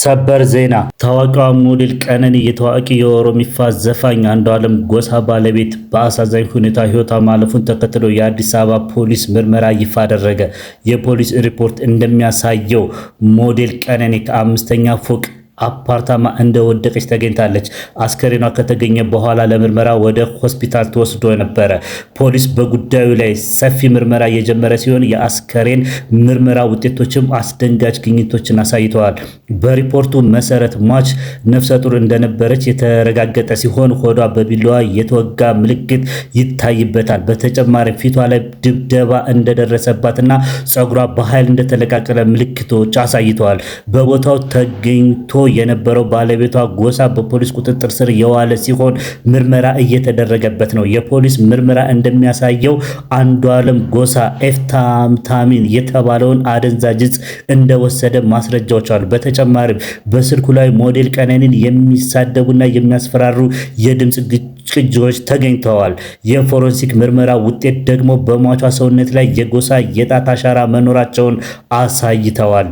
ሰበር ዜና ታዋቂዋ ሞዴል ቀነኒ የታዋቂ የኦሮሚፋ ዘፋኝ አንዷለም ጎሳ ባለቤት በአሳዛኝ ሁኔታ ሕይወቷ ማለፉን ተከትሎ የአዲስ አበባ ፖሊስ ምርመራ ይፋ አደረገ። የፖሊስ ሪፖርት እንደሚያሳየው ሞዴል ቀነኒ ከአምስተኛ ፎቅ አፓርታማ እንደወደቀች ተገኝታለች። አስከሬኗ ከተገኘ በኋላ ለምርመራ ወደ ሆስፒታል ተወስዶ ነበረ። ፖሊስ በጉዳዩ ላይ ሰፊ ምርመራ እየጀመረ ሲሆን የአስከሬን ምርመራ ውጤቶችም አስደንጋጭ ግኝቶችን አሳይተዋል። በሪፖርቱ መሰረት ሟች ነፍሰ ጡር እንደነበረች የተረጋገጠ ሲሆን ሆዷ በቢላዋ የተወጋ ምልክት ይታይበታል። በተጨማሪም ፊቷ ላይ ድብደባ እንደደረሰባትና ፀጉሯ በኃይል እንደተለቃቀለ ምልክቶች አሳይተዋል። በቦታው ተገኝቶ የነበረው ባለቤቷ ጎሳ በፖሊስ ቁጥጥር ስር የዋለ ሲሆን ምርመራ እየተደረገበት ነው። የፖሊስ ምርመራ እንደሚያሳየው አንዷለም ጎሳ ኤፍታምታሚን የተባለውን አደንዛዥ እጽ እንደወሰደ ማስረጃዎች አሉ። በተጨማሪም በስልኩ ላይ ሞዴል ቀነኒን የሚሳደቡና የሚያስፈራሩ የድምፅ ቅጂዎች ተገኝተዋል። የፎረንሲክ ምርመራ ውጤት ደግሞ በሟቿ ሰውነት ላይ የጎሳ የጣት አሻራ መኖራቸውን አሳይተዋል።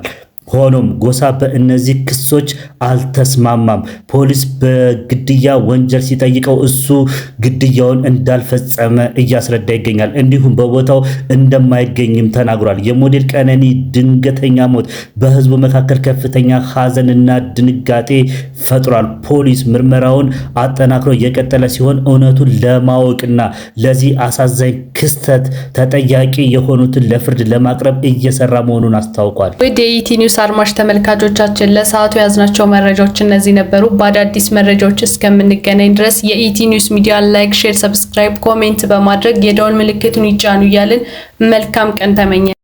ሆኖም ጎሳ በእነዚህ ክሶች አልተስማማም። ፖሊስ በግድያ ወንጀል ሲጠይቀው እሱ ግድያውን እንዳልፈጸመ እያስረዳ ይገኛል። እንዲሁም በቦታው እንደማይገኝም ተናግሯል። የሞዴል ቀነኒ ድንገተኛ ሞት በህዝቡ መካከል ከፍተኛ ሀዘንና ድንጋጤ ፈጥሯል። ፖሊስ ምርመራውን አጠናክሮ የቀጠለ ሲሆን እውነቱን ለማወቅና ለዚህ አሳዛኝ ክስተት ተጠያቂ የሆኑትን ለፍርድ ለማቅረብ እየሰራ መሆኑን አስታውቋል። አድማጭ ተመልካቾቻችን ለሰዓቱ የያዝናቸው መረጃዎች እነዚህ ነበሩ። በአዳዲስ መረጃዎች እስከምንገናኝ ድረስ የኢቲ ኒውስ ሚዲያ ላይክ፣ ሼር፣ ሰብስክራይብ፣ ኮሜንት በማድረግ የደወል ምልክቱን ይጫኑ እያልን መልካም ቀን ተመኘ።